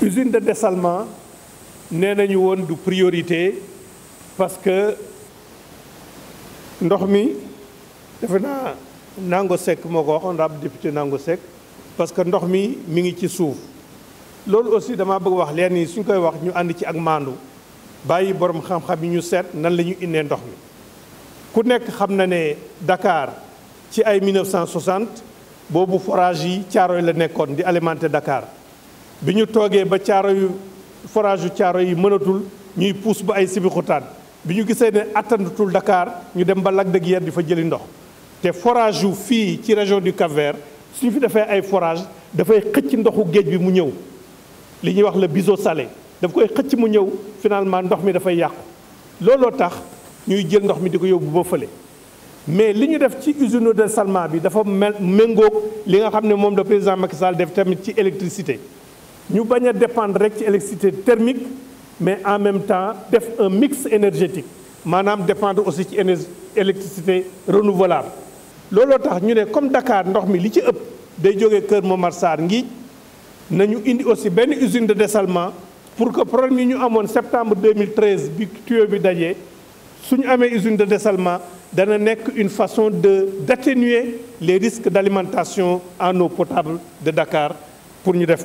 usine de dessalement nee nañu woon du priorité parce que ndox mi defe naa nango sec moo ko député nango sec parce que ndox mi mi ngi ci suuf loolu aussi dama bëgg wax leen ni suñ koy wax ñu ànd ci ak mandu bayyi borom xam-xam yi ñu set nan lañu ñu ndox mi ku nekk xam na né Dakar ci ay 1960 bobu forage yi Caaroy la nekkoon di alimenter Dakar bi toge ba ciaro yu forage yu yi mënatul ñuy pousse ba ay sibi xutaan biñu gisé né ne Dakar ñu dem ba de guerre. di ndox te forage yu ci région du Cap-Vert fi ay forage fay xëc ndoxu bi mu wax le biseau salé daf koy xëc mu ñëw finalement ndox mi fay yàqu looloo tax ñuy jël ndox mi di ba mais def usine de dessalement bi dafa mel le président Macky def ci électricité nous bañ dépendre électricité thermique mais en même temps def un mix énergétique Nous dépendre aussi ci électricité renouvelable looloo tax ñu comme Dakar ndox mi li ci ëpp day nous Kër aussi une usine de dessalement pour que problème nous ñu en septembre 2013 bi tuyau bi nous suñu usine de dessalement dana une façon de d'atténuer les risques d'alimentation en eau potable de Dakar pour ñu def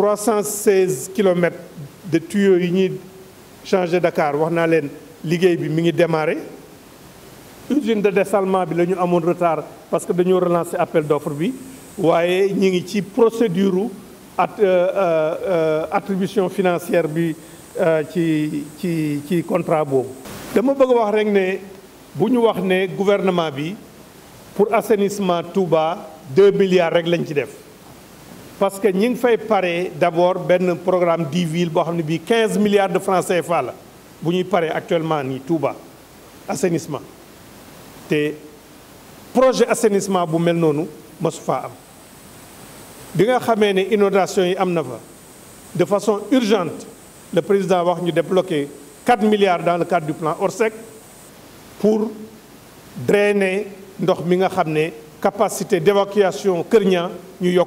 316 km de tuyaux qui ont changé Dakar wax qui ont démarré usine de dessalement retard parce que nous avons appel l'appel bi Nous ñi ngi ci procédure d'attribution euh, euh, attribution financière bi est euh, ci contrat Nous dama bëgg wax gouvernement pour assainissement Touba 2 milliards de règles parce que nous devons d'abord d'abord un programme 10 villes qui a milliards de francs CFA Nous bu actuellement tout Touba assainissement le projet d'assainissement bu mel noonu nous une am bi inondation de façon urgente le président va débloqué 4 milliards dans le cadre du plan Orsec pour drainer la capacité d'évacuation de New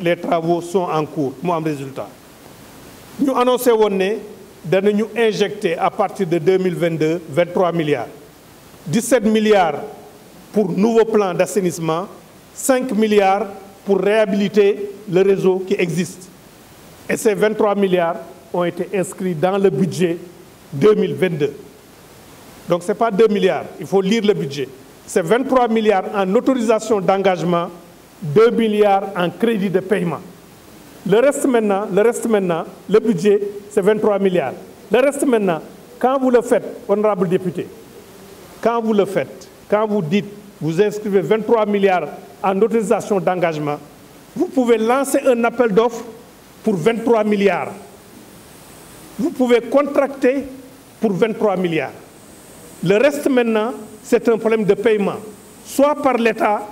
les travaux sont en cours Moi, en résultat nous annoncé woon de nous injecter à partir de 2022 23 milliards 17 milliards pour nouveaux plans d'assainissement 5 milliards pour réhabiliter le réseau qui existe et ces 23 milliards ont été inscrits dans le budget 2022 donc n'est pas 2 milliards il faut lire le budget c'est 23 milliards en autorisation d'engagement 2 milliards en crédit de paiement. Le reste maintenant, le reste maintenant, le budget, c'est 23 milliards. Le reste maintenant, quand vous le faites, honorable député, quand vous le faites, quand vous dites, vous inscrivez 23 milliards en autorisation d'engagement, vous pouvez lancer un appel d'offres pour 23 milliards. Vous pouvez contracter pour 23 milliards. Le reste maintenant, c'est un problème de paiement, soit par l'État,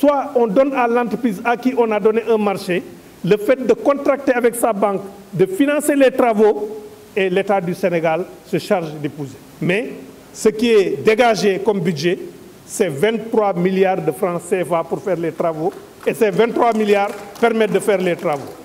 Soit on donne à l'entreprise à qui on a donné un marché le fait de contracter avec sa banque, de financer les travaux, et l'État du Sénégal se charge d'épouser. Mais ce qui est dégagé comme budget, c'est 23 milliards de francs CFA pour faire les travaux, et ces 23 milliards permettent de faire les travaux.